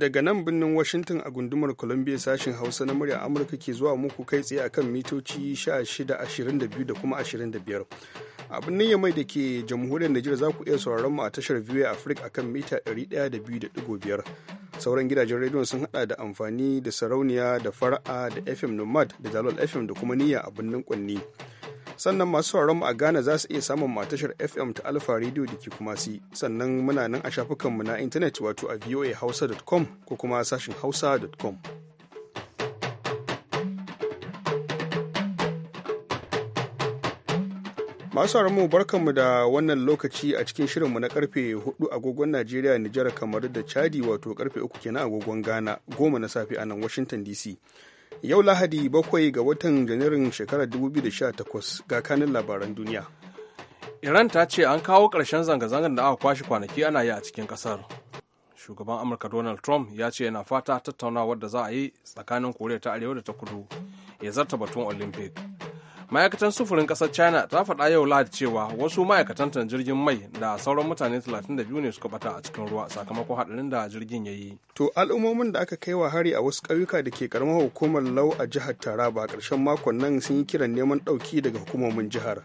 daga nan birnin Washington a gundumar Columbia sashen Hausa na murya Amurka ke zuwa muku kai tsaye akan mitoci 1622 da kuma 25. A birnin Yamai da ke jamhuriyar Najeriya za ku iya sauraron mu a tashar VOA Africa akan mita 102.5. Sauran gidajen rediyon sun hada da amfani da sarauniya da fara'a da FM Nomad da Dalol FM da kuma niyya a birnin Kwanni. sannan masu mu a Ghana za su iya samun matashar FM ta alpha Radio da ke kuma si sannan muna nan a shafukanmu na intanet wato a voahausa.com ko kuma sashin hausa.com. Masu mu barkanmu da wannan lokaci a cikin shirinmu na karfe 4 agogon Najeriya, Nijar, kamar da Chadi wato karfe 3 kenan agogon Ghana, goma na safe a nan Washington DC. Yau Lahadi bakwai ga watan Janairun shekarar 2018 ga kanin labaran duniya. Iran ta ce an kawo ƙarshen zanga-zangar da aka kwashe kwanaki ana yi a cikin ƙasar. Shugaban Amurka Donald Trump ya ce yana fata tattaunawar da za a yi tsakanin Koriya ta Arewa da ta Kudu ya zarta batun Olympic. ma'aikatan sufurin kasar china ta faɗa yau lahadi cewa wasu ma'aikatan jirgin mai da sauran mutane 32 ne suka bata a cikin ruwa sakamakon haɗarin da jirgin ya yi to al'ummomin da aka kai wa hari a wasu ƙauyuka da ke karamar hukumar lau a jihar taraba karshen makon nan sun yi kiran neman ɗauki daga hukumomin jihar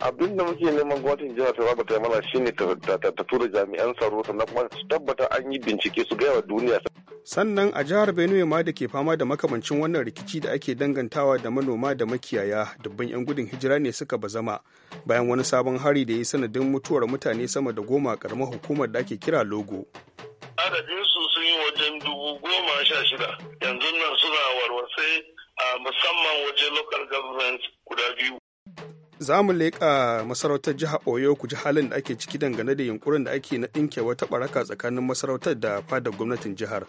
abin da muke neman gwamnatin jihar taraba ta mana shine ta tura jami'an tsaro sannan kuma su tabbata an yi bincike su gaya wa duniya sannan a jihar benue ma da ke fama da makamancin wannan rikici da ake dangantawa da manoma da makiyaya dubban 'yan gudun hijira ne suka bazama bayan wani sabon hari da ya sanadin mutuwar mutane sama da goma karamar hukumar da ake kira logo adadinsu sun yi wajen dubu goma sha shida yanzu nan suna warwatse a musamman wajen local government guda biyu za mu leƙa masarautar jiha oyo ku ji halin da ake ciki dangane da yunkurin da ake na ɗinke wata baraka tsakanin masarautar da fadar gwamnatin jihar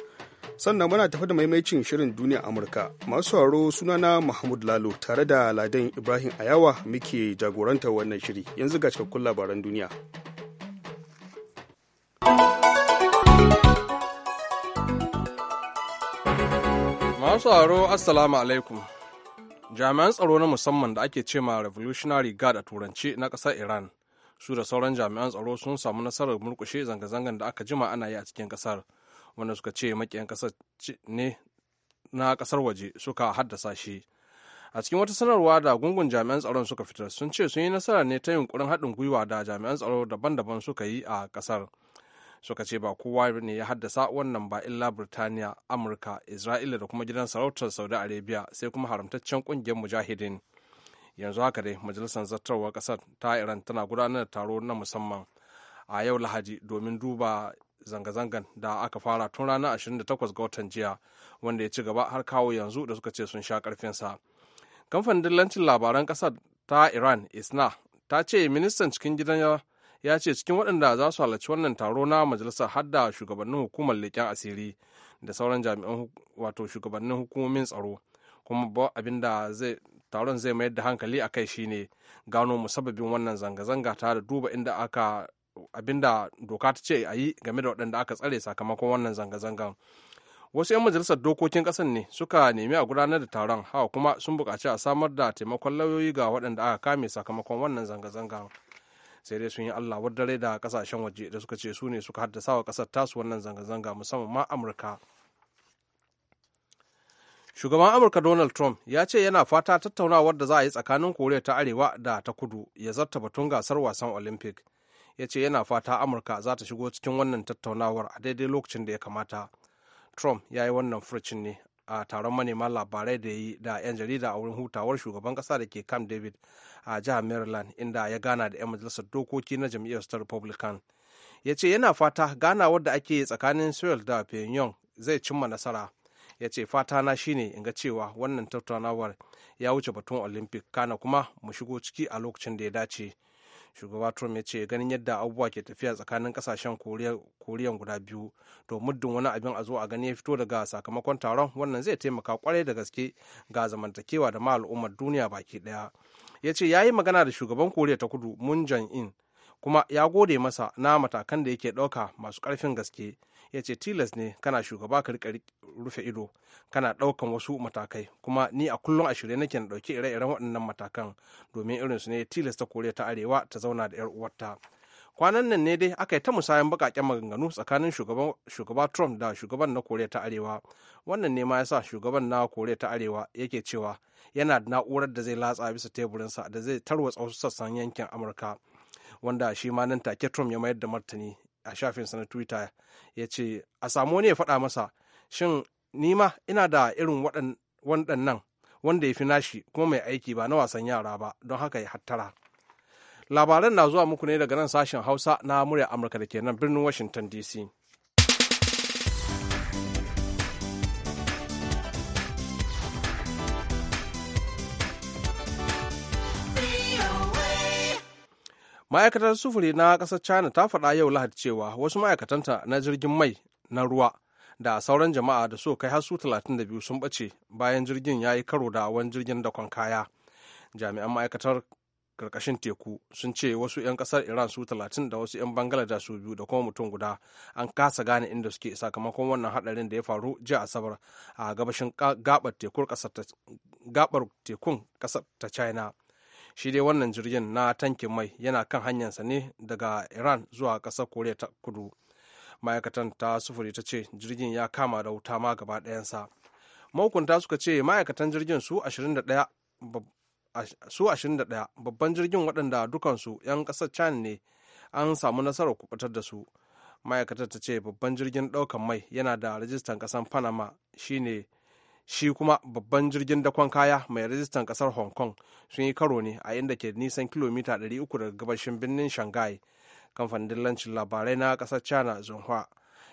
sannan muna tafi da maimacin shirin duniya amurka masu suna sunana mahmud lalo tare da ladan ibrahim ayawa muke jagorantar wannan shiri yanzu ga cikakkun labaran duniya masu haro assalamu alaikum jami'an tsaro na musamman da ake cema revolutionary guard a turance na ƙasar iran su da sauran jami'an tsaro sun samu nasarar murkushe zanga-zangan da aka jima ana yi a cikin ƙasar wanda suka ce makiyan ƙasar ne na ƙasar waje suka haddasa shi a cikin wata sanarwa da gungun jami'an tsaro suka fitar sun ce sun yi nasara ne ta yunkurin haɗin gwiwa da jami'an tsaro daban-daban suka yi a ƙasar suka ce ba kowa ne ya haddasa wannan ba illa birtaniya amurka isra'ila da kuma gidan sarautar saudi arabia sai kuma haramtaccen kungiyar mujahidin yanzu haka dai majalisar zartarwar kasar ta iran tana gudanar da taro na musamman a yau lahadi domin duba zanga-zangan da aka fara tun ranar 28 ga watan jiya wanda ya ci gaba har kawo yanzu da suka ce sun sha karfinsa kamfanin dillancin labaran kasar ta iran isna ta ce ministan cikin gidan ya ce cikin waɗanda za su halarci wannan taro na majalisar hadda shugabannin hukumar leƙen asiri da sauran jami'an wato shugabannin hukumomin tsaro kuma ba abin da zai taron zai mayar da hankali a kai shine gano musabbabin wannan zanga-zanga ta da duba inda aka abinda doka ta ce a yi game da waɗanda aka tsare sakamakon wannan zanga-zangan wasu 'yan majalisar dokokin ƙasar ne suka nemi a gudanar da taron hawa kuma sun buƙaci a samar da taimakon lauyoyi ga waɗanda aka kame sakamakon wannan zanga-zangan sai dai sun yi allah dare da kasashen waje da suka ce su ne suka haddasa wa kasar tasu wannan zanga-zanga musamman ma amurka shugaban amurka donald trump ya ce yana fata tattaunawar da za a yi tsakanin koriya ta arewa da ta kudu ya zarta batun gasar wasan olympic ya ce yana fata amurka za ta shigo cikin wannan tattaunawar a daidai lokacin da ya kamata trump ya yi wannan furcin ne a taron manema labarai da yi da 'yan jarida a wurin hutawar shugaban kasa da ke camp david a jihar maryland inda ya gana da 'yan majalisar dokoki na jam'iyyar ta republican ya ce yana fata ganawar da ake tsakanin seoul da pyongyang zai cimma nasara ya ce fata na shine in ga cewa wannan tattaunawar ya wuce batun olympic kana kuma mu shigo ciki a lokacin da ya dace shugaba trump ya ce ganin yadda abubuwa ke tafiya tsakanin kasashen koriyan guda biyu to muddin wani abin a zo a gani ya fito daga sakamakon taron wannan zai taimaka kwarai da gaske ga zamantakewa da ma al'ummar duniya baki daya ya ce ya yi magana da shugaban koriya ta kudu mun in kuma ya gode masa na matakan da yake ɗauka masu karfin gaske ya ce tilas ne kana shugaba ka rika rufe ido kana ɗaukan wasu matakai kuma ni a kullum a shirye nake na ɗauki ire-iren waɗannan matakan domin irin su ne tilas ta koriya ta arewa ta zauna da 'yar uwarta kwanan nan ne dai aka yi ta musayan bakaken maganganu tsakanin shugaba trump da shugaban na koriya ta arewa wannan ne ma ya sa shugaban na koriya ta arewa yake cewa yana da na'urar da zai latsa bisa teburinsa da zai tarwatsa wasu sassan yankin amurka wanda shi ma nan take trump ya mayar da martani a shafinsa na twitter ya ce a samu wani ya faɗa masa shin nima ina da irin waɗannan wanda ya fi nashi kuma mai aiki ba na wasan yara ba don haka ya hattara labaran na zuwa muku ne daga nan sashen hausa na murya amurka da ke nan birnin washington dc ma'aikatar sufuri na kasar china ta faɗa yau lahadi cewa wasu ma'aikatanta na jirgin mai na ruwa da sauran jama'a da so kai har su 32 sun ɓace bayan jirgin ya yi karo da wani jirgin dakon kaya jami'an ma'aikatar karkashin teku sun ce wasu 'yan kasar iran su 30 da wasu 'yan bangladesh su biyu da kuma mutum guda an kasa gane inda suke sakamakon wannan hadarin da ya faru jiya asabar a gabashin gabar tekun kasar ta china shi dai wannan jirgin na tankin mai yana kan hanyarsa ne daga iran zuwa ƙasar koriya ta kudu ma'aikatan ta sufuri ta ce jirgin ya kama da wuta ma gaba ɗayansa mahukunta suka ce ma'aikatan jirgin su 21 su babban jirgin waɗanda dukansu 'yan ƙasar china ne an samu nasarar kubutar da su ma'aikatar ta ce babban jirgin ɗaukan mai yana da rajistan ƙasar panama shine shi kuma babban jirgin dakon kaya mai rajistan kasar hong kong sun yi karo ne a inda ke nisan kilomita 300 daga gabashin birnin shanghai kamfanin dillancin labarai na kasar china zhonghua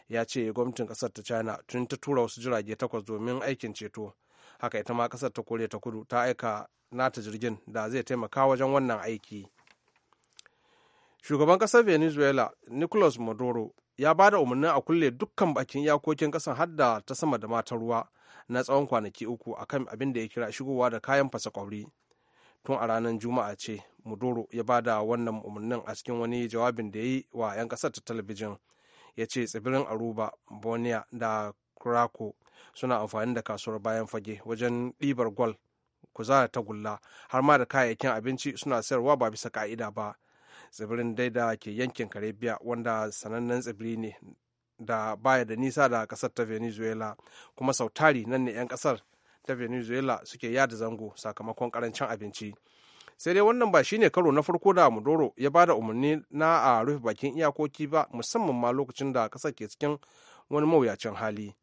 ya ce gwamnatin kasar ta china tun ta tura wasu jirage takwas domin aikin ceto haka ita ma kasar ta koriya ta kudu ta aika nata jirgin da zai taimaka wajen wannan aiki shugaban kasar venezuela nicolas maduro ya ba da umarnin a kulle dukkan bakin iyakokin kasar hadda ta sama da mata ruwa na tsawon kwanaki uku a kan abin da ya kira shigowa da kayan fasa kwauri tun a ranar juma'a ce mudoro ya ba da wannan umarnin a cikin wani jawabin da ya yi wa 'yan kasar ta talabijin ya ce tsibirin aruba borneo da kurako suna amfani da kasuwar bayan fage wajen ɗibar gwal kuzara ta gulla har ma da kayayyakin abinci suna sayarwa ba bisa ka'ida ba tsibirin dai da ke yankin karibiya wanda sanannen tsibiri ne da baya da nisa da kasar ta venezuela kuma sautari nan ne 'yan kasar ta venezuela suke yada zango sakamakon karancin abinci sai dai wannan ba shine karo na farko da mudoro ya ba da umarni na a rufe bakin iyakoki ba musamman ma lokacin da kasar ke cikin wani mawuyacin hali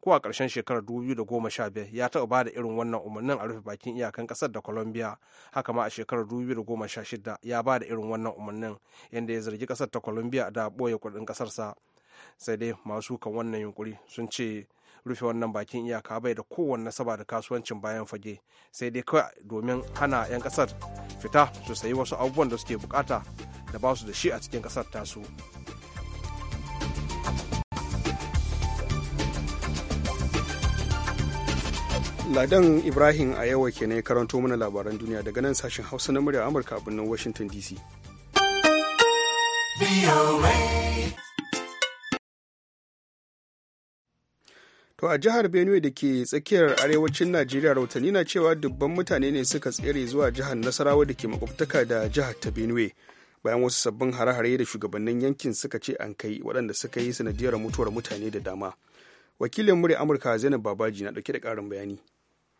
ko a ƙarshen shekarar 2015 ya taɓa bada irin wannan umarnin a rufe bakin iyakan ƙasar da colombia haka ma a shekarar 2016 ya bada irin wannan umarnin yadda ya zargi ƙasar ta colombia da ɓoye kuɗin ƙasarsa sai dai masu kan wannan yunkuri sun ce rufe wannan bakin iyaka bai da kowane nasaba da kasuwancin bayan fage sai dai kawai domin hana 'yan kasar fita su sayi wasu abubuwan da suke bukata da ba su da shi a cikin kasar tasu ladan ibrahim a yawa ke ne karanto mana labaran duniya daga nan sashen hausa na murya amurka a birnin washington dc To a jihar Benue da ke tsakiyar arewacin Najeriya rautani na cewa dubban mutane ne suka tsere zuwa jihar Nasarawa da ke makwabtaka da jihar ta Benue. Bayan wasu sabbin hare-hare da shugabannin yankin suka ce an kai waɗanda suka yi sanadiyar mutuwar mutane da dama. Wakilin murya Amurka Zainab Babaji na ɗauke da ƙarin bayani.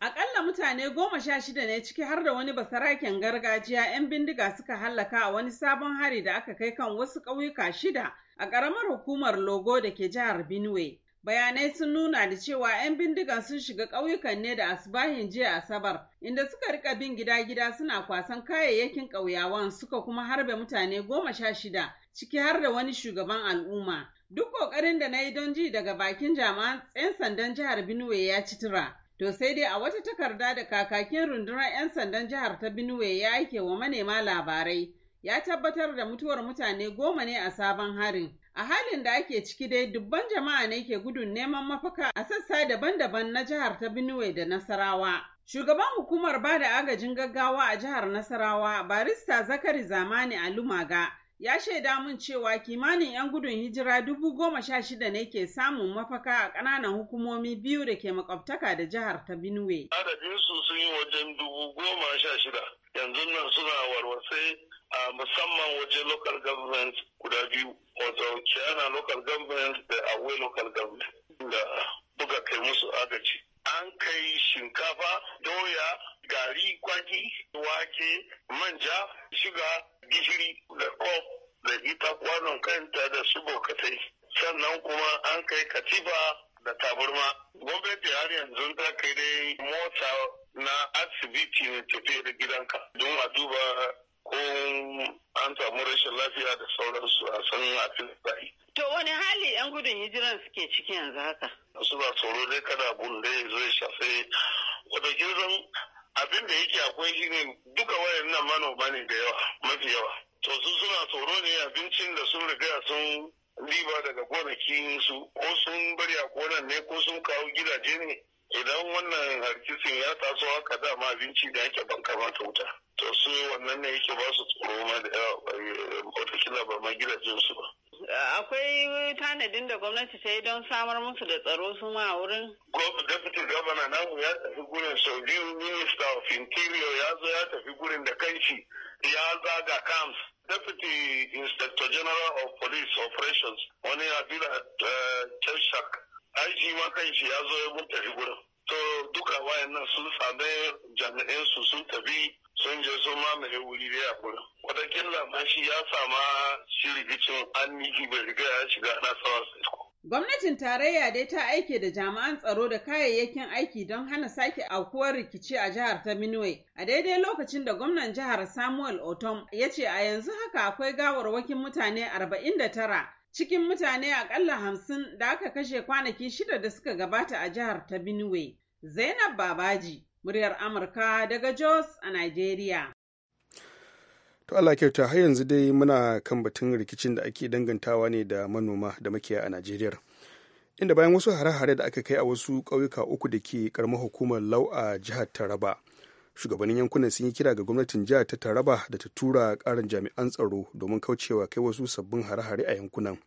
Akalla mutane goma sha shida ne ciki har da wani basaraken gargajiya 'yan bindiga suka hallaka a wani sabon hari da aka kai kan wasu ƙauyuka shida a ƙaramar hukumar Logo da ke jihar Benue. Bayanai sun nuna da cewa 'yan bindigan sun shiga ƙauyukan ne da asubahin jiya Asabar, inda suka rika bin gida-gida suna kwasan kayayyakin ƙauyawan suka kuma harbe mutane goma sha shida, ciki har da wani shugaban al'umma. Duk ƙoƙarin da na yi don ji daga bakin jami'an 'yan sandan jihar Benue ya ci tura. To sai dai a wata takarda da kakakin rundunar 'yan sandan jihar ta Benue ya aike wa manema labarai, ya tabbatar da mutuwar mutane goma ne a sabon harin. A halin da ake ciki dai dubban jama'a ne ke gudun neman mafaka a sassa daban-daban na jihar ta Benue da Nasarawa. Shugaban hukumar ba da agajin gaggawa a jihar Nasarawa, barista Zakari Zamani Alumaga, ya shaida mun cewa kimanin 'yan gudun hijira dubu goma shida ne ke samun mafaka a ƙananan hukumomi biyu da ke makwabtaka da jihar ta Benue. Adadinsu sun yi wajen yanzu nan suna warwatse a musamman wajen local government guda biyu. wato China local government da Awe local government da buga kai musu agaci. An kai shinkafa, doya, gari, kwaki, wake, manja, shiga, gishiri da kof da ita kwanon kanta da su bokatai. Sannan kuma an kai katifa da taburma. Gwamnati har yanzu ta kai dai mota na asibiti ne tafiya da gidanka don a duba ko an samu rashin lafiya da sauransu a san a filistai. To wani hali 'yan gudun hijiran suke ciki yanzu haka? ba tsoro dai kada abun da ya zo ya shafe wata girzan abin da yake akwai shi ne duka wayan nan manoma ne da yawa mafi yawa. To su suna tsoro ne abincin da sun riga sun riba daga gonakin su ko sun bari a gonan ne ko sun kawo gidaje ne idan wannan harkisin ya taso haka dama abinci da yake ban kamata wuta to su wannan ne yake ba su tsoro ma da yawa ba ma gidajen su ba akwai tanadin da gwamnati ta yi don samar musu da tsaro su ma wurin deputy governor namu ya tafi gurin sau biyu minister of interior ya zo ya tafi gurin da kanshi ya zaga camps Deputy Inspector General of Police Operations wani abin a eh, Cheshak ai shi kan shi ya zo ya tafi gurin to duka wayan nan sun same jami'an su sun tabi sun je sun mamaye wuri da ya gurin watakila ma shi ya sama shi rigicin an bai riga ya shiga na tsawon sai Gwamnatin tarayya dai ta aike da jami'an tsaro da kayayyakin aiki don hana sake aukuwar rikici a jihar ta Benue. A daidai lokacin da gwamnan jihar Samuel Otom ya ce a yanzu haka akwai gawarwakin mutane 49 cikin mutane akalla hamsin da aka kashe kwanaki shida da suka gabata a jihar ta Benue. Zainab Babaji, muryar Amurka daga Jos a Nigeria. To Allah kyauta har yanzu dai muna kan batun rikicin da ake dangantawa ne da manoma da makiya a Najeriya. Inda bayan wasu hare-hare da aka kai a wasu ƙauyuka uku da ke karamar hukumar Lau a jihar Taraba. shugabannin yankunan sun yi kira ga gwamnatin jihar ta taraba da ta tura karin jami'an tsaro domin kaucewa kai wasu sabbin hare-hare a yankunan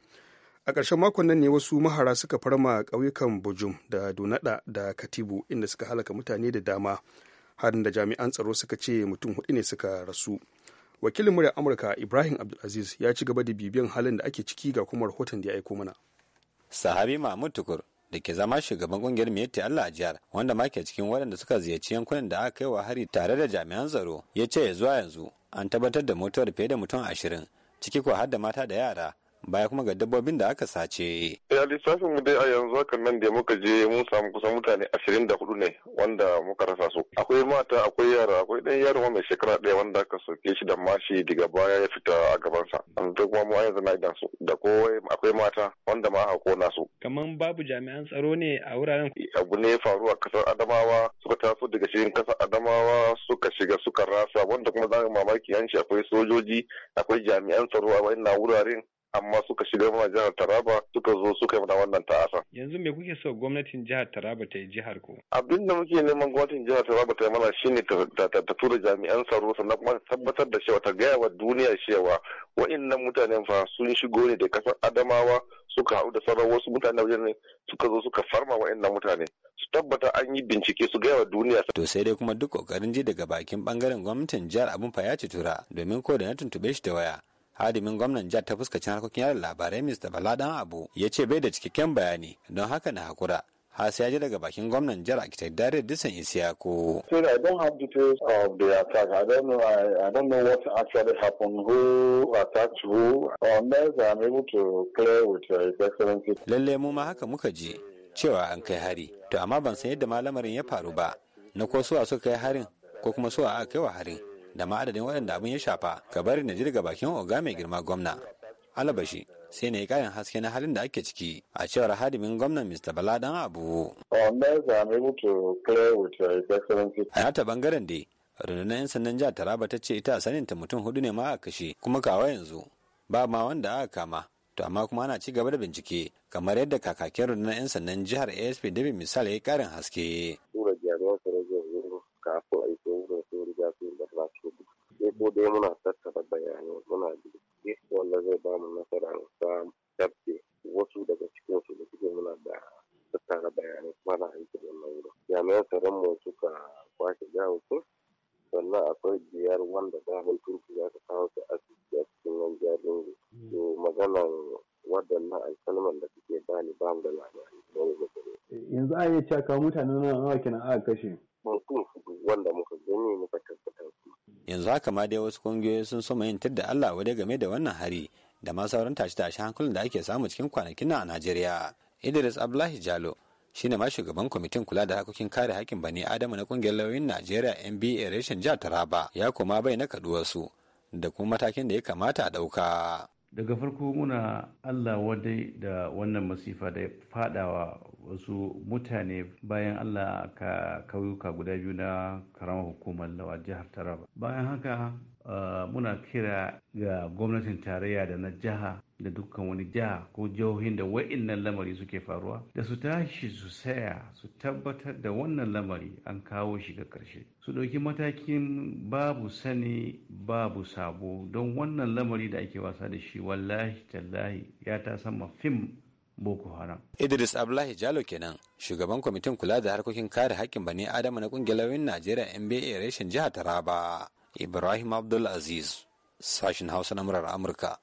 a ƙarshen makon nan ne wasu mahara suka farma ƙauyukan bujum da donada da katibu inda suka halaka mutane da dama harin da jami'an tsaro suka ce mutum hudu ne suka rasu wakilin muryar amurka ibrahim abdulaziz ya ci gaba da bibiyan halin da ake ciki ga kuma rahoton da ya aiko mana sahabi mahmud tukur da ke zama shugaban kungiyar Miyetti Allah a jihar wanda ma ke cikin waɗanda suka ziyarci yankunan da aka kai wa hari tare da jami'an tsaro ya ce ya zuwa yanzu an tabbatar da mutuwar fiye da mutum ashirin ciki ko har da mata da yara baya kuma ga dabbobin da aka sace. Ya lissafin mu dai a yanzu haka nan da muka je mun samu kusan mutane ashirin da hudu ne wanda muka rasa su. Akwai mata, akwai yara, akwai dan yaro mai shekara ɗaya wanda aka soke shi da mashi daga baya ya fita a gabansa. An ta kuma mu a na idan su da kowai akwai mata wanda ma aka kona su. Kaman babu jami'an tsaro ne a wuraren. Abu ne ya faru a kasar Adamawa suka taso daga cikin kasar Adamawa suka shiga suka rasa wanda kuma za mamaki yanci akwai sojoji akwai jami'an tsaro a wannan wuraren amma suka shiga ma jihar Taraba suka zo suka yi wannan ta'asa. Yanzu me kuke so gwamnatin jihar Taraba ta yi jihar ku? Abin da muke neman gwamnatin jihar Taraba ta yi mana shine ta tura jami'an tsaro sannan kuma ta tabbatar da cewa ta gaya wa duniya cewa wa'annan mutanen fa sun shigo ne da kasar Adamawa suka haɗu da sauran wasu mutane wajen suka zo suka farma wa'annan mutane su tabbata an yi bincike su gaya wa duniya. To sai dai kuma duk ƙoƙarin ji daga bakin bangaren gwamnatin jihar abun fa ya ci tura domin ko da na tuntuɓe shi da waya hadimin gwamnan jihar ta fuskacin harkokin yada labarai mr baladan abu ya ce bai da cikakken bayani don haka na hakura har sai ya ji daga bakin gwamnan jihar Akitai Dare Dusan Isiyako. Sir, I Lalle mu ma haka muka ji cewa an kai hari, to amma ban san yadda malamarin ya faru ba, na ko suwa suka kai harin ko kuma suwa aka kai wa harin. da ma adadin waɗanda abin ya shafa ka bari na jirga bakin oga mai girma gwamna alabashi sai na yi karin haske na halin da ake ciki a cewar hadimin gwamnan mr bala dan abu um, uh, a nata bangaren dai rundunar 'yan sandan jihar taraba ta ce ita saninta mutum hudu ne ma a kashe kuma kawa yanzu ba ma wanda aka kama to amma kuma ana ci gaba da bincike kamar yadda kakakin rundunar 'yan sandan jihar asp david misali ya yi karin haske Ko dai muna tattara bayanai muna bincike wanda zai ba mu nasara mu samu tabbe wasu daga cikin su da suke muna da tattara bayanai kuma na aiki da wannan wurin jami'an tsaron mu suka kwashe jawo sannan akwai biyar wanda damar turki za ta kawo su asibiti a cikin nan jarin to maganar waɗannan alkalman da suke bani ba mu da labari yanzu a iya cewa mutanen nan nawa aka kashe yanzu haka ma dai wasu kungiyoyi sun soma yin da Allah wadai game da wannan hari da ma sauran tashi tashi hankulan da ake samu cikin kwanakin nan a Najeriya. Idris Abdullahi Jalo ne ma shugaban kwamitin kula da harkokin kare hakkin bani Adamu na kungiyar lauyoyin Najeriya NBA reshen jihar Taraba ya koma bai na su da kuma matakin da ya kamata a ɗauka. Daga farko muna Allah wadai da wannan masifa da ya fadawa wasu mutane bayan allah ka kauyuka guda biyu na karamar hukumar lawa jihar taraba bayan haka uh, muna kira ga gwamnatin tarayya da na jiha da dukkan wani jiha ko jihohin da wa'innan lamari suke faruwa da su tashi su saya su tabbatar da wannan lamari an kawo shi ga karshe su ɗauki matakin babu sani babu sabo don wannan lamari da ake wasa da shi wallahi tallahi ya ta sama fim boko haram idris abdullahi jalo kenan shugaban kwamitin kula da harkokin kare haƙƙin bani adama na ƙungiyar lauyoyin najeriya nba reshen jihar taraba ibrahim abdul aziz sashen hausa na murar amurka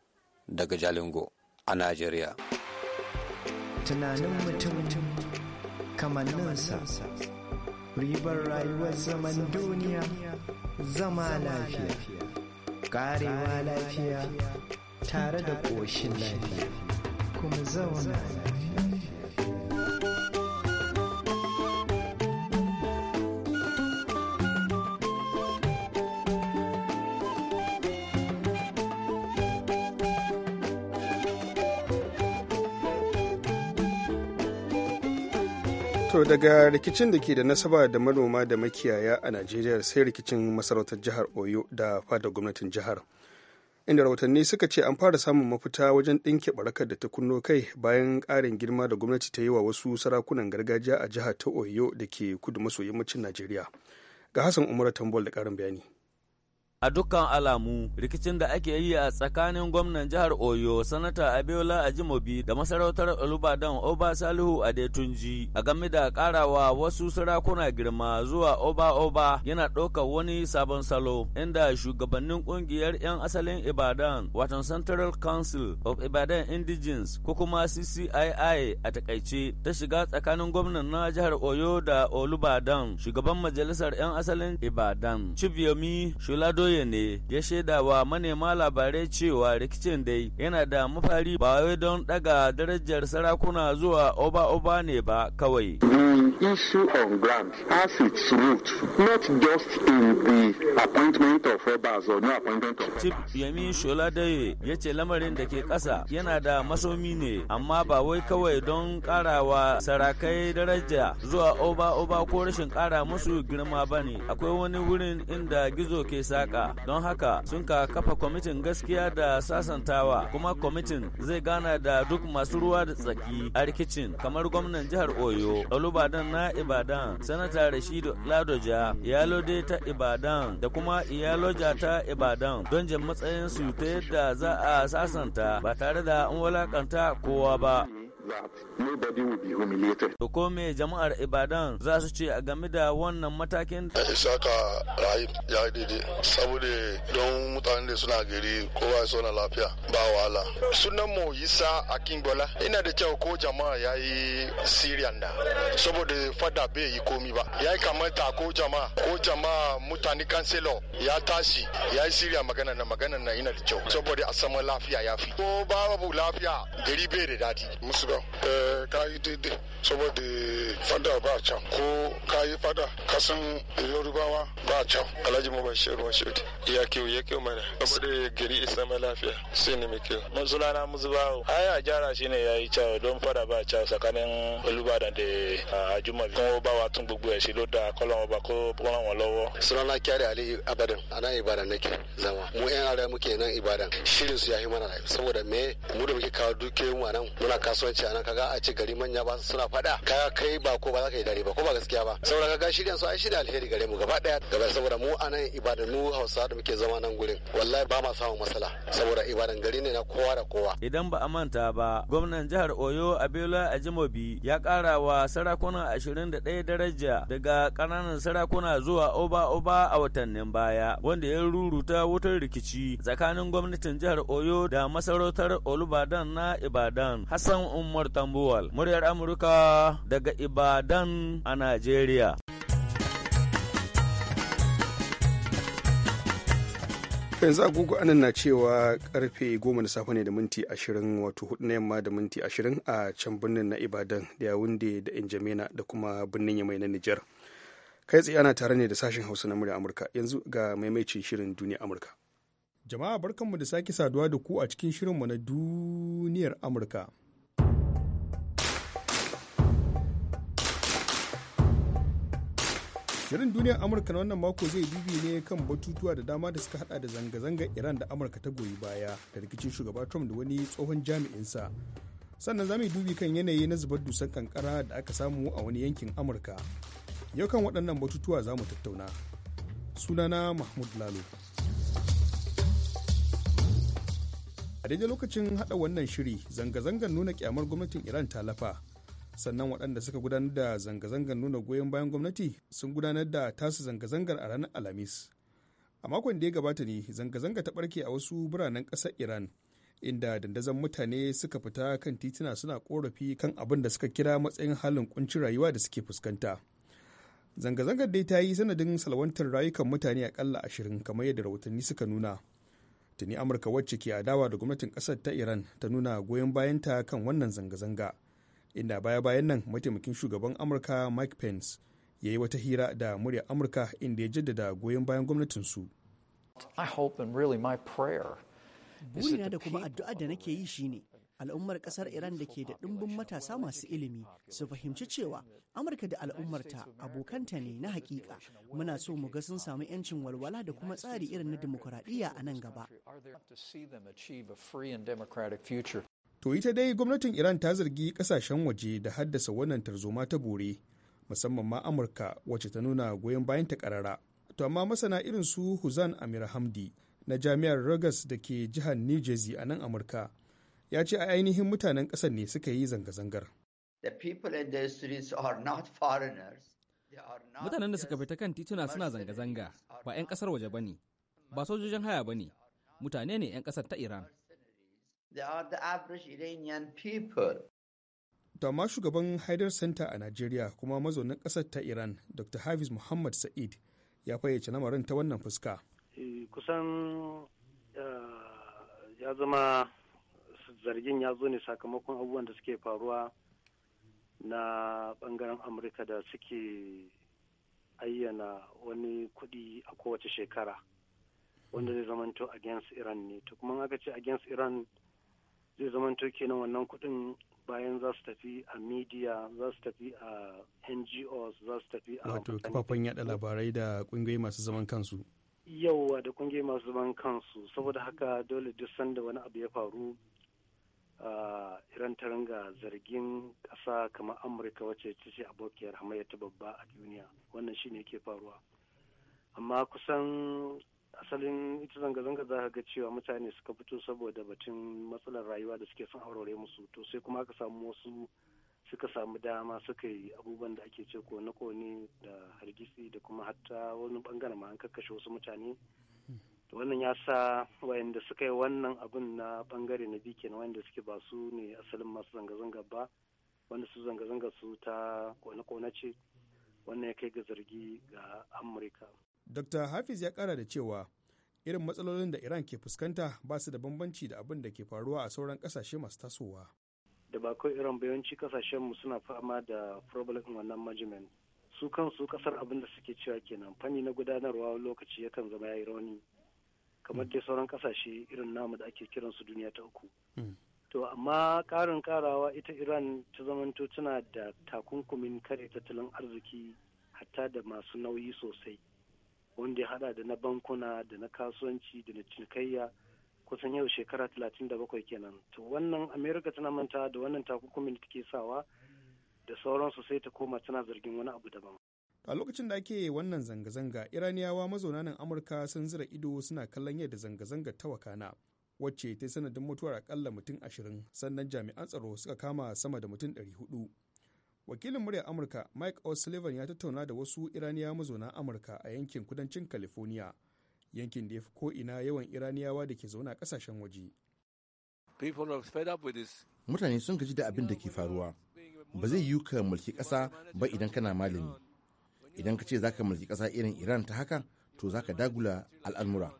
daga jalingo a najeriya tunanin mutum kamanninsa ribar rayuwar zaman duniya zama lafiya karewa lafiya tare da ƙoshin lafiya kuma To daga rikicin da ke da nasaba da manoma da makiyaya a Najeriya sai rikicin masarautar jihar Oyo da fadar gwamnatin jihar. inda rahotanni suka ce an fara samun mafita wajen ɗinke barakar da ta kunno kai bayan ƙarin girma da gwamnati ta yi wa wasu sarakunan gargajiya a jihar ta oyo da ke kudu maso yammacin najeriya ga hassan umar tambol da ƙarin bayani A dukkan alamu, rikicin da ake yi a tsakanin gwamnan jihar Oyo, Sanata Abiola Ajimobi da masarautar Olubadan Oba Salihu Adetunji a game da karawa wasu sarakuna girma zuwa Oba Oba yana ɗaukar wani sabon salo, inda shugabannin ƙungiyar 'yan asalin Ibadan, watan Central Council of Ibadan Indigens ko kuma CCII a takaice, ta shiga tsakanin gwamnan na jihar Oyo da Olubadan, shugaban majalisar 'yan asalin Ibadan, Chibiyomi Shulado Okoye ne ya wa manema labarai cewa rikicin dai yana da mafari ba wai don daga darajar sarakuna zuwa oba-oba ne ba kawai. The issue on ground has its root not just in the appointment of obas or no appointment of Chief Yemi Sholadaye ya ce lamarin da ke ƙasa yana da masomi ne amma ba wai kawai don karawa sarakai daraja zuwa oba-oba ko rashin kara musu girma ba ne akwai wani wurin inda gizo ke saka. alaka don haka sun ka kafa kwamitin gaskiya da sasantawa kuma kwamitin zai gana da duk masu ruwa da tsaki a rikicin kamar gwamnan jihar oyo olubadan na ibadan sanata rashidu ladoja iyalode ta ibadan da kuma iyaloja ta ibadan don jin su ta yadda za a sasanta ba tare da an walakanta kowa ba that, nobody will be humiliated. To ko me jama'ar Ibadan za su ce a game da wannan matakin? Isaka Rahim ya yi daidai saboda don mutane da suna gari kowa su na lafiya ba wahala. Sunan mu Isa Akinbola ina da kyau ko jama'a ya yi Syrian da saboda fada bai yi komi ba. Ya yi kamata ko jama'a ko jama'a mutane kansilo ya tashi ya yi Syrian magana na magana na ina da kyau saboda a sama lafiya ya fi. Ko babu lafiya gari bai da dadi. Musu ba kyau eh, ka yi daidai saboda fada ba can ko ka yi fada kasan yorubawa ba can alhaji mu bashir washid ya kyau ya kyau mana saboda gari isa ma lafiya sai ne mai kyau mun sunana muzubawo aya jara ya yayi kyau don fada ba kyau tsakanin olùbàdàn da ajumabi kan bá wa tún gbogbo ẹ ṣe ló da kọlọn ọba kó ràn wọn lọ́wọ́. sunana kyari ali abadan a nan ibadan nake zama mu yan ara muke nan ibadan shirin su yahi mana saboda me mu da muke kawo dukiyoyin mu nan muna kasuwanci anan kaga a ce gari manya ba suna fada ka kai ba ko ba za ka yi dare ba ko ba gaskiya ba saboda ga shirya su ai shirya alheri gare mu gaba daya gaba saboda mu anan ibadanu Hausa da muke zama nan gurin wallahi ba ma samun matsala saboda ibadan gari ne na kowa da kowa idan ba a manta ba gwamnan jihar Oyo Abiola Ajimobi ya kara wa sarakuna 21 daraja daga kananan sarakuna zuwa oba oba a watannin baya wanda ya ruruta wutar rikici tsakanin gwamnatin jihar Oyo da masarautar Olubadan na Ibadan Hassan Umar Umar Tambuwal, muryar Amurka daga Ibadan a Najeriya. yanzu agogo anan na cewa karfe goma na safe ne da minti ashirin wato hudu na yamma da minti ashirin a can birnin na ibadan da yawunde da injamena da kuma birnin yamai na nijar kai tsaye ana tare ne da sashen hausa na murya amurka yanzu ga maimaicin shirin duniya amurka jama'a barkanmu da sake saduwa da ku a cikin shirinmu na duniyar amurka Shirin duniyar Amurka na wannan mako zai bibi ne kan batutuwa da dama da suka hada da zanga zanga Iran da Amurka ta goyi baya da rikicin shugaba Trump da wani tsohon jami'insa. Sannan za mu yi dubi kan yanayi na zubar dusar kankara da aka samu a wani yankin Amurka. Yau kan waɗannan batutuwa za mu tattauna. Sunana Mahmud Lalo. A daidai lokacin hada wannan shiri zanga-zangar nuna kyamar gwamnatin Iran ta lafa. sannan waɗanda suka gudanar da zanga-zangar nuna goyon bayan gwamnati sun gudanar da tasu zanga-zangar a ranar alhamis a makon da ya gabata ne zanga-zanga ta barke a wasu biranen ƙasar iran inda dandazon mutane suka fita kan tituna suna korafi kan abin da suka kira matsayin halin kuncin rayuwa da suke fuskanta zanga-zangar dai ta yi sanadin salwantar rayukan mutane akalla ashirin kamar yadda rahotanni suka nuna tuni amurka wacce ke adawa da gwamnatin kasar ta iran ta nuna goyon bayanta kan wannan zanga-zanga inda baya-bayan nan mataimakin shugaban amurka mike pence ya yi wata hira da murya amurka inda ya jaddada goyon bayan gwamnatinsu burina da kuma addu'a da nake yi shine al'ummar kasar iran da ke da ɗimbin matasa masu ilimi su fahimci cewa amurka da al'ummarta abokanta ne na hakika muna so mu ga sun samu 'yancin walwala da kuma tsari irin na dimokuraɗiyya a nan gaba To ita dai gwamnatin Iran ta zargi kasashen waje da haddasa wannan tarzoma ta bore, musamman ma Amurka wacce ta nuna goyon bayan ta karara. To amma masana irin su Huzan Amir Hamdi na jami'ar Rogers da ke jihar New Jersey a nan Amurka ya ce a ainihin mutanen ƙasar ne suka yi zanga-zangar. Mutanen da suka fita kan tituna suna zanga-zanga ba 'yan ƙasar waje ba ne, ba sojojin haya ba ne, mutane ne 'yan ƙasar ta Iran. They are the average Iranian people. da ma shugaban Haidar Center a Najeriya kuma mazaunin ƙasar ta Iran Dr. Hafiz Muhammad Sa'id ya fayyace lamarin ta wannan fuska. Eh, kusan eh, ya zama zargin ya zo ne sakamakon abubuwan da suke faruwa na bangaren Amurka da suke ayyana wani kuɗi a kowace shekara wanda zai zamanto against Iran ne. To kuma aka ce against Iran zai zamanto kenan wannan kudin bayan za su tafi a media za su tafi a ngos za su tafi a wato kafafen yada labarai da kungiyoyi masu zaman kansu yauwa da kungiyoyi masu zaman kansu saboda haka dole duk sanda wani abu ya faru iran ta zargin kasa kamar amurka wacce ta ce abokiyar hamayyar ta babba a duniya wannan shine ke faruwa amma kusan asalin ita zanga-zanga za ga cewa mutane suka fito saboda batun matsalar rayuwa da suke son aurare musu to sai kuma aka samu wasu suka samu dama suka yi abubuwan da ake ce na kone da hargitsi da kuma hatta wani bangare ma an kakkashe wasu mutane to wannan ya sa wayanda suka yi wannan abun na bangare na biki kenan wayanda suke ba su ne asalin masu zanga-zanga ba wanda su zanga-zanga su ta kone kone ce wannan ya kai ga zargi ga amurka dr hafiz ya kara da cewa irin matsalolin da iran ke fuskanta ba su da bambanci da abin da ke faruwa a sauran kasashe masu tasowa da ba kawai iran bayanci kasashen mu suna fama da problem wannan management su kansu kasar abin da suke cewa kenan fanni na gudanarwa lokaci yakan zama yi rauni kamar dai sauran kasashe irin namu da ake kiran su duniya ta uku hmm. to amma karin karawa ita iran ta zamanto tana da takunkumin kare tattalin arziki hatta da masu nauyi sosai wanda ya hada da na bankuna da na kasuwanci da na cinikayya kusan yau shekara 37 kenan to wannan america tana manta da wannan takunkumin da take sawa da sauransu sai ta koma tana zargin wani abu daban a lokacin da ake wannan zanga-zanga iraniyawa mazauna nan amurka sun zira ido suna kallon yadda zanga-zanga ta wakana wacce ta sanadin mutuwar akalla mutum ashirin sannan jami'an tsaro suka kama sama da mutum ɗari hudu wakilin muryar amurka mike o'sullivan ya tattauna da wasu iraniya mazauna amurka a yankin kudancin california yankin da ya fi ko'ina yawan iraniyawa da ke zauna kasashen waje mutane sun gaji da abin da ke faruwa ba zai yiwu ka mulki ƙasa ba idan kana malami idan ka ce za ka mulki ƙasa irin iran ta haka to za ka dagula al'amura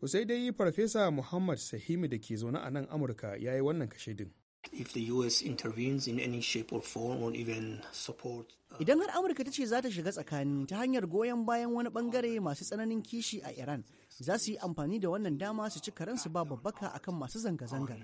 to sai dai farfesa muhammad sahimi da ke zaune a nan amurka ya yi wannan kashedin Idan har Amurka ta ce za ta shiga tsakani ta hanyar goyon bayan wani bangare masu tsananin kishi a Iran, za su yi amfani da wannan dama su ci karansu ba babbaka akan masu zanga-zangar.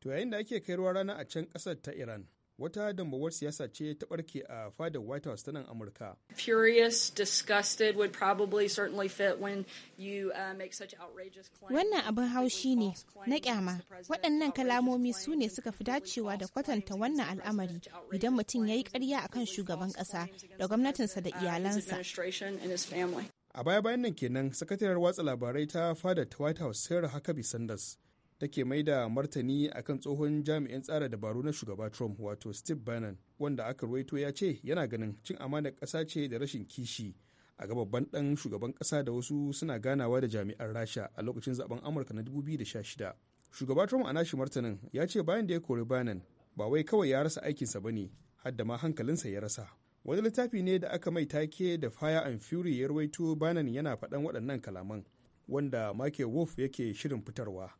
To yayin da ake kai ruwa rana a can ƙasar ta Iran, wata dambawar siyasa ce ta barke a fadar White House ta nan Amurka. Furious, disgusted would probably certainly fit when you uh, make such outrageous claims. Wannan abin haushi ne na kyama. Waɗannan kalamomi su ne suka fi dacewa da kwatanta wannan al'amari idan mutum ya yi ƙarya kan shugaban ƙasa da gwamnatinsa da uh, iyalansa. A baya-bayan nan kenan, sakataren watsa labarai ta fadar White House Sarah Huckabee Sanders take mai da martani akan tsohon jami'in tsara dabaru na shugaba trump wato steve bannon wanda aka ruwaito ya ce yana ganin cin amanar kasa ce da rashin kishi a ga babban ɗan shugaban ƙasa da wasu suna ganawa da jami'an rasha a lokacin zaben amurka na 2016 shugaba trump a nashi martanin ya ce bayan da ya kori bannon ba wai kawai ya rasa aikinsa ba ne hadda ma hankalinsa ya rasa wani littafi ne da aka mai take da fire and fury ya ruwaito bannon yana faɗan waɗannan kalaman wanda michael wolf yake shirin fitarwa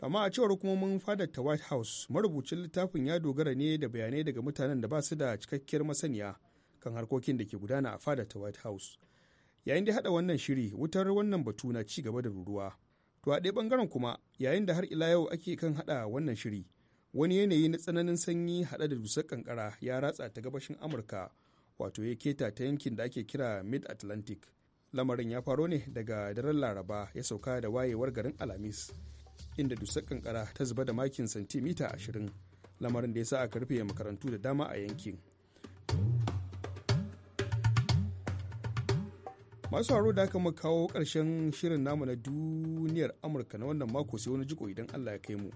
amma a cewar hukumomin fadar ta white house marubucin littafin ya dogara ne da bayanai daga mutanen da ba su da cikakkiyar masaniya kan harkokin da ke gudana a fadar ta white house yayin da hada wannan shiri wutar wannan batu na ci gaba da ruruwa to a ɗaya bangaren kuma yayin da har ila yau ake kan hada wannan shiri wani yanayi na tsananin sanyi hada da dusar kankara ya ratsa ta gabashin amurka wato ya keta ta yankin da ake kira mid atlantic lamarin ya faro ne daga daren laraba ya sauka da wayewar garin alhamis inda dusar kankara ta zuba da makin santimita 20 lamarin da ya sa aka rufe makarantu da dama a yankin masu haro da aka kawo karshen shirin namu na duniyar amurka na wannan mako sai wani jiko idan allah ya kai mu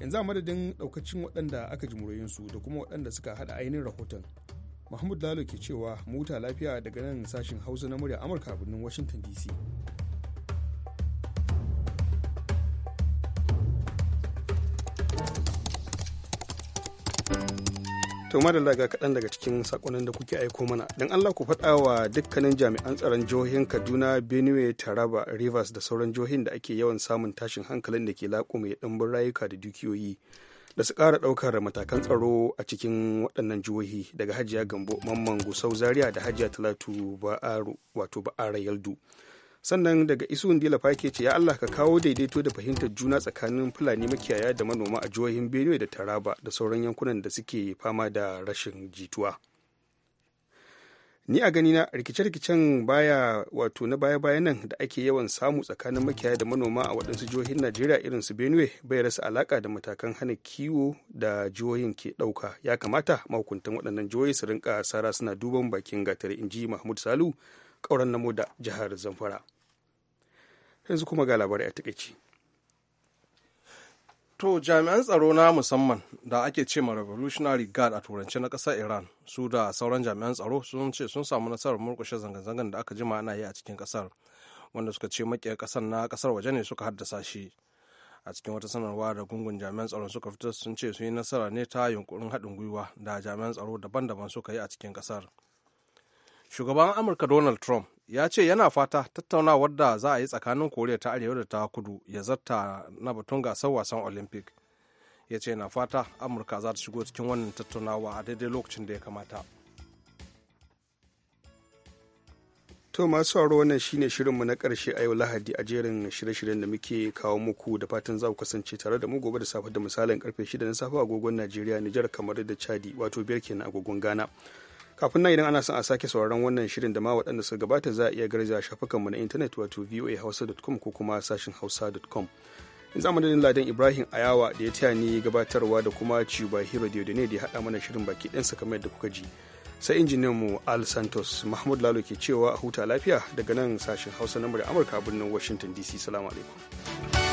yanzu a madadin daukacin waɗanda aka ji su da kuma waɗanda suka haɗa ainihin rahoton mahmud lalo ke cewa muta lafiya daga nan sashin hausa na murya amurka birnin washington dc to madalla ga kaɗan daga cikin sakonnin da kuke aiko mana don allah ku faɗa wa dukkanin jami'an tsaron jihohin kaduna benue taraba rivers da sauran jihohin da ake yawan samun tashin hankalin da ke laƙume ɗumbin rayuka da dukiyoyi da su ƙara ɗaukar matakan tsaro a cikin waɗannan jihohi daga hajiya gambo mamman gusau zaria da hajiya talatu ba'aro wato ba'ara yaldu sannan daga isun dila fake ce ya allah ka kawo daidaito da fahimtar juna tsakanin fulani makiyaya da manoma a jihohin benue da taraba da sauran yankunan da suke fama da rashin jituwa ni a ganina rikice-rikicen baya wato na baya-bayan nan da ake yawan samu tsakanin makiyaya da manoma a waɗansu jihohin najeriya irin su benue bai rasa alaka da matakan hana kiwo da jihohin ke ɗauka ya kamata mahukuntan waɗannan jihohi su rinka sara suna duban bakin gatari inji mahmud salu ƙauran namo da jihar zamfara yanzu kuma ga labarai a takaici to jami'an tsaro na musamman da ake ce ma revolutionary guard a turance na ƙasar iran su da sauran jami'an tsaro sun ce sun samu nasarar murkushe zanga-zangan da aka jima ana yi a cikin ƙasar wanda suka ce makiyar ƙasar na ƙasar waje ne suka haddasa shi a cikin wata sanarwa da gungun jami'an tsaro suka fitar sun ce sun yi nasara ne ta yunkurin haɗin gwiwa da jami'an tsaro daban-daban suka yi a cikin ƙasar shugaban amurka donald trump ya ce yana fata tattaunawar da za a yi tsakanin koriya ta arewa da ta kudu ya zarta na batun gasar wasan olympic ya ce yana fata amurka za ta shigo cikin wannan tattaunawa a daidai lokacin da ya kamata To masu sauraro wannan shine shirinmu na karshe a yau Lahadi a jerin shirye-shiryen da muke kawo muku da fatan za ku kasance tare da mu gobe da safe da misalin karfe 6 na safe agogon Najeriya, Nijar, kamar da Chadi wato biyar kenan agogon Ghana. kafin nan idan ana son a sake sauraron wannan shirin da ma waɗanda suka gabata za a iya garza shafukanmu na intanet wato voahausa.com ko kuma sashin hausa.com in za mu ladan ibrahim ayawa da ya taya ni gabatarwa da kuma ciba hero yaudane da ya haɗa mana shirin baki ɗansa kamar yadda kuka ji sai injiniyan mu al santos mahmud lalo ke cewa a huta lafiya daga nan sashin hausa na amurka a birnin washington dc salamu alaikum